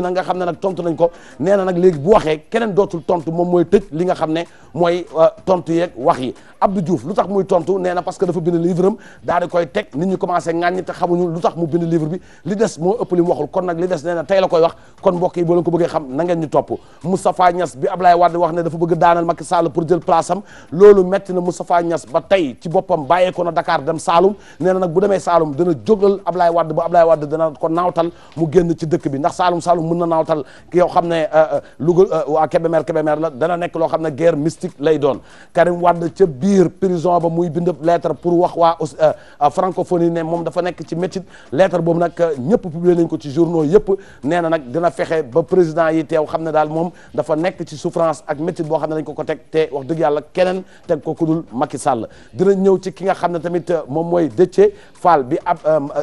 na nga xam ne nag tontu nañ ko nee na nag léegi bu waxee keneen dootul tontu moom mooy tëj li nga xam ne mooy euh, tontu yeeg wax yi Abdou Diouf lu tax muy tontu nee na parce que dafa bind livre am koy teg nit ñi commencé ŋàññi te xamuñu lu tax mu bind livre bi li des moo ëpp waxul kon nag li des nee na tey la koy wax kon mbokk yi boo leen ko bëggee xam na ngeen ñu topp Moustapha Niass bi Ablaye Wade wax ne dafa bëgg daanal Macky Sall pour jël place am na Moustapha Niass ba tey Saalum nee nag bu demee Saalum dana mën na naawtal ki yow xam ne euh, euh, Louga euh, waa Kébémer Kébémer la dana nekk loo xam ne guerre mystique lay doon Karim Wade ca biir prison ba muy bind lettre pour wax waa francophonie ne moom dafa nekk ci métit lettre boobu nag ñëpp publier nañ ko ci journaux yëpp nee na nag dina fexe ba président yi teew xam ne daal moom dafa nekk ci souffrance ak métit boo xam ne dañ ko ko teg te wax dëgg yàlla keneen teg ko kudul Macky Sall dina ñëw ci ki nga xam ne tamit moom mooy Déthié Fall bi ab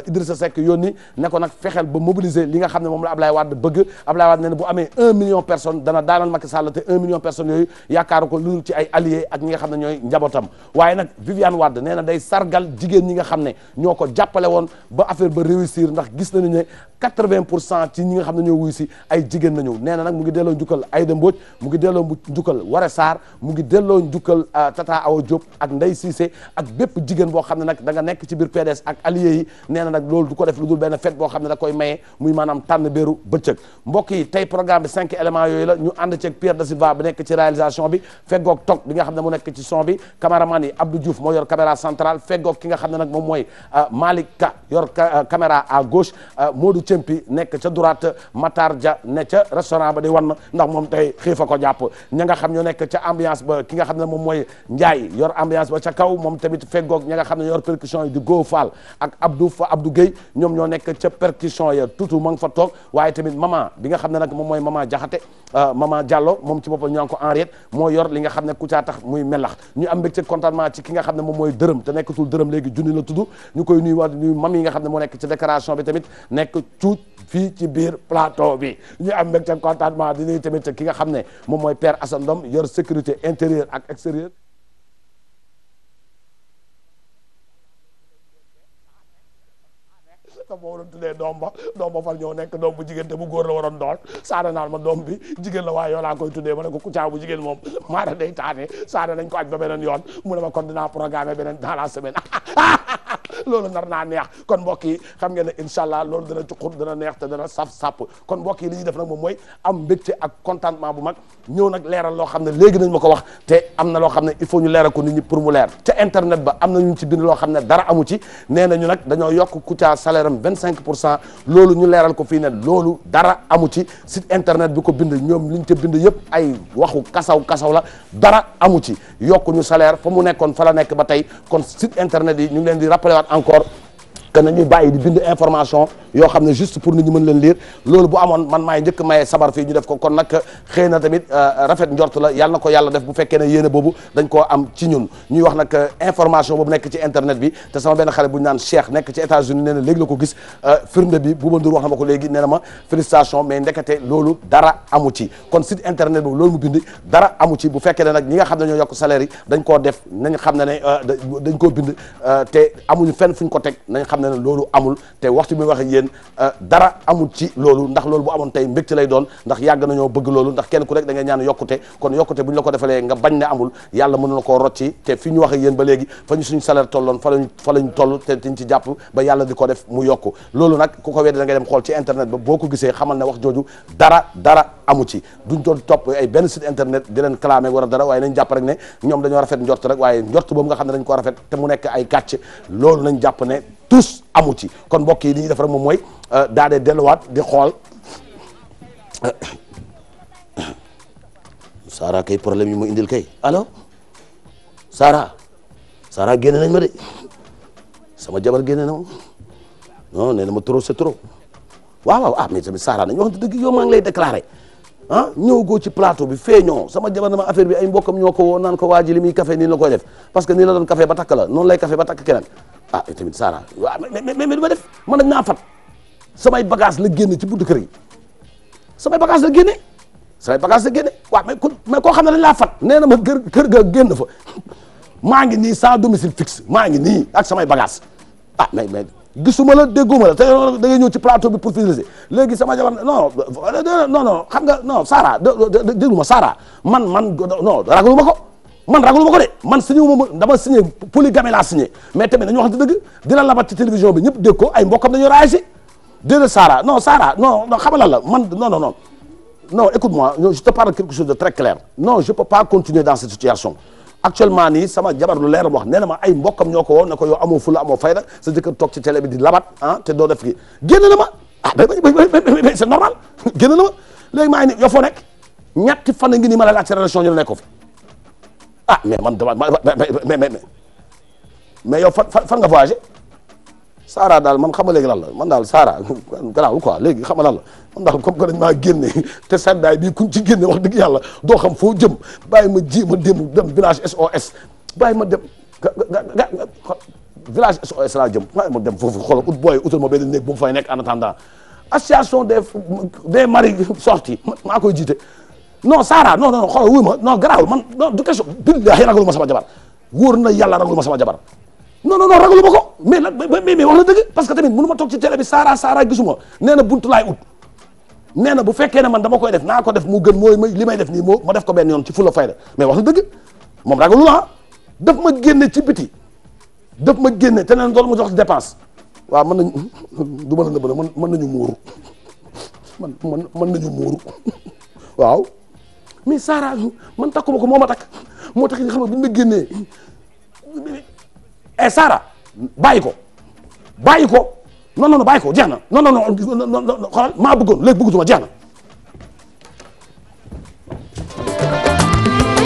Idrissa Seck yónni ne ko nag fexeel ba mobiliser li nga xam ne moom la Ablaye Wade bëgg bëgg Abdoulaye Wade nee na bu amee un million personnes dana daanal Macky Sall te un million personnes yooyu yaakaaru ko lu ci ay alliés ak ñi xam ne ñooy njabootam waaye nag Viviane Wade nee na day sargal jigéen ñi nga xam ne ñoo ko jàppale woon ba affaire ba réussir ndax gis na ne 80 pour cent ci ñi nga xam ne ñoo wuyu si ay jigéen nañu nee na nag mu ngi delloo njukkal Aïda Mbodj mu ngi delloo njukkal Ware Sarr mu ngi delloo njukkal euh, Tata Awa Diop ak Ndeye Cissé ak bépp jigéen boo xam ne nag da nekk ci biir PDS ak alliés yi nee na nag loolu ko def lu dul benn fête boo xam da koy maye muy maanaam tànn béeru bëccëg mbokk yi tey programme bi cinq éléments yooyu la ñu ànd ceeg Pierre da Silva bi nekk ci réalisation bi feggoog toog bi nga xam ne mu nekk ci son bi caméraman yi Abdou Diouf moo yor caméra centrale feggoog ki nga xam ne nag moom mooy euh, Malick Ka yor euh, caméra euh, nekk ca droite Matar Dia ne ca restaurant ba di wan ndax moom tey xiifa ko jàpp ña nga xam ñu nekk ca ambiance ba ki nga xam ne moom mooy Ndiaye yor ambiance ba ca kaw moom tamit feggoog ña nga xam ne yor percussion yi du Go Fall ak Abdou Fa Abdou Gueye ñoom ñoo nekk ca percussion ya tutu ma nga fa toog maman bi nga xam ne nag moom mooy maman Jaxate euh, maman Diallo moom ci boppam ñu naan ko Henriette moo yor li nga xam ne ku tax muy melax ñu am mbégte contentement ci ki nga xam ne moom mooy dërëm te nekkatul dërëm léegi junni la tudd ñu koy nuyu waa nuyu mam yi nga xam ne moo nekk ci décoration bi tamit nekk cuuj fii ci biir plateau bi ñu am mbégte contentement di nuyu tamit ki nga xam ne moom mooy père Assane Ndom yor sécurité intérieur ak extérieure te boobu la tuddee doom ba doom ba far ñëw nekk doom bu jigéen te bu góor la waroon doon saada naan ma doom bi jigéen la waaye yow laa koy tuddee ma ne ko Kouthia bu jigéen moom maara day taane saada nañ ko aj ba beneen yoon mu ne ma kon dinaa programme beneen dans la semaine loolu nar naa neex kon mbokk yi xam ngeen ne incha loolu dana cuqur dana neex te dana saf sàpp kon mbokk yi li ñuy nag moom mooy am mbégte ak contentement bu mag ñëw nag leeral loo xam ne léegi nañ ma ko wax te am na loo xam ne il faut ñu leeral ko nit ñi pour mu leer ca internet ba am na ñu ci bind loo xam ne dara amu ci nee nañu nag dañoo yokk Kouthia salaire am vingt cinq pour cent loolu ñu leeral ko fi ne loolu dara amu ci site internet bi ko bind ñoom liñ ca bind yëpp ay waxu kasaw kasaw la dara amu ci yokku ñu salaire fa mu nekkoon fa la nekk ba tey encore que ñu bàyyi bind information yoo xam ne juste pour nit ñi mën leen lire loolu bu amoon man maay njëkk maye sabar fii ñu def ko kon nag xëy na tamit euh, rafet njort la yàlla na ko yàlla def bu fekkee ne yéene boobu dañ ko am ci ñun ñuy wax nag euh, information boobu nekk ci internet bi te sama benn xale bu ñu naan Cheikh nekk ci États-Unis nee na la ko gis euh, firnde bi Bouba Ndour wax na ma ko léegi nee na ma félicitation mais ndekete loolu dara amu ci kon sit internet boobu loolu mu bind dara amu ci bu fekkee ne nag ñi nga xam ne ñoo yokk salaire yi dañ koo def nañ xam ne ne dañ koo bind te amuñu fenn fuñ ko teg nañ xam xam ne loolu amul te waxtu bi wax ak yéen euh, dara amul ci loolu ndax loolu bu amoon tey mbégte lay doon ndax yàgg nañoo bëgg loolu ndax kenn ku rek da ngay ñaan yokkute kon yokkute ko defalee nga bañ ne amul yàlla mën na koo rocci te fi ñu wax ak ba léegi fa ñu suñu salaire tolloon fa lañ fa toll te tiñ ci jàpp ba yàlla di ko def mu yokku loolu nag ku ko weddi da ngay dem xool ci internet ba boo ko gisee xamal ne wax jooju dara dara amu ci duñ doon topp ay benn site internet di leen war a waaye nañ jàpp rek ne ñoom dañoo rafet njort rek waaye njort boobu nga xam ne dañ ko rafet te mu nekk ay gàcc loolu nañ jàpp ne tous amu ci kon mbokk yi li ñuy moom mooy euh, daal di delluwaat di xool Sara kay problème yi mu indil kay allo Sara Sara génne nañ ma de sama jabar génne na ma non nee na ma trop c'est trop waaw waaw ah mais tamit Sara nañ wax dëgg yow maa ngi lay déclaré ah ñëw goo ci plateau bi feeñoo sama jabar dama affaire bi ay mbokkam ñoo ko woo naan ko waa ji li muy café nii la koy def parce que nii la doon café ba takk la noonu lay kafe ba takk keneen ah tamit Sara waaw mais mais mais du ma def man dañ naa fat samay bagage la génne ci buntu kër yi samay bagage la génne samay bagage la génne mais koo xam ne dañ laa fat nee na ma kër kër ga génn fa maa ngi nii sans domicile fixe maa ngi nii ak samay bagage ah mais mais gisuma la dégguma la te da ngay ñëw ci plateau bi pour finaliser léegi sama jabar non non non xam nga non Sara déglu ma Sara man man non ragaluma ko. man ragalu ma ko de man signé wu ma dama signé polygamie laa signé mais tamit nañu waxante dëgg dina labat ci télévision bi ñëpp dégg ko ay mbokkam dañoo réagir déedéet Sara non Sara non non xamalal la man non non non non écoute-moi je te parle quelque chose de très clair non je peux pas continuer dans cette situation actuellement nii sama jabar lu leer wax nee na ma ay mbokkam ñoo ko woo ne ko yow amoo fula amoo fayda sa jëkkër toog ci télé bi di labat ah te doo def kii génn na ma ah, ah mais man dama mais mais mais yow fan fan nga voyagé Saara daal man xam nga léegi lan la man daal Saara garaawul quoi léegi xam nga lan la man daal comme que dañ maa génne te sandaay bii kuñ ci génne wax dëgg yàlla doo xam foo jëm bàyyi ma ji ma dem dem village SOS bàyyi ma dem village SOS laa jëm bàyyi ma dem foofu xoolal ut booy utal ma benn néeg bu mu fay nekk en attendant association des des maris sortis maa koy jiite. non Saara non non xoolal wuy ma non garaawul man non du question billahi ragalu sama jabar wóor na yàlla ragalu ma sama jabar non non non ragalu ma ko mais la mais mais wax na dëgg parce que tamit mënu ma toog ci télé bi Saara Saara gisuma nee na buntu laay ut nee bu fekkee ne man dama koy def naa ko def mu gën mooy li may def nii moo ma def ko benn yoon ci fula fayda mais wax na dëgg moom ragalu la ah. daf ma génne ci biti daf ma génne te neen doolu ma jox dépense waaw mën nañ du ma la nëbala mën nañu muuru man man mën nañu muuru waaw mais Saara man takkuma ko moo ma takk moo tax nga xam ne bu ñu ma génnee eh Saara bàyyi ko bàyyi ko non non non bàyyi ko jeex na non non non xoolal maa bëggoon léegi bëggatuma jeex na.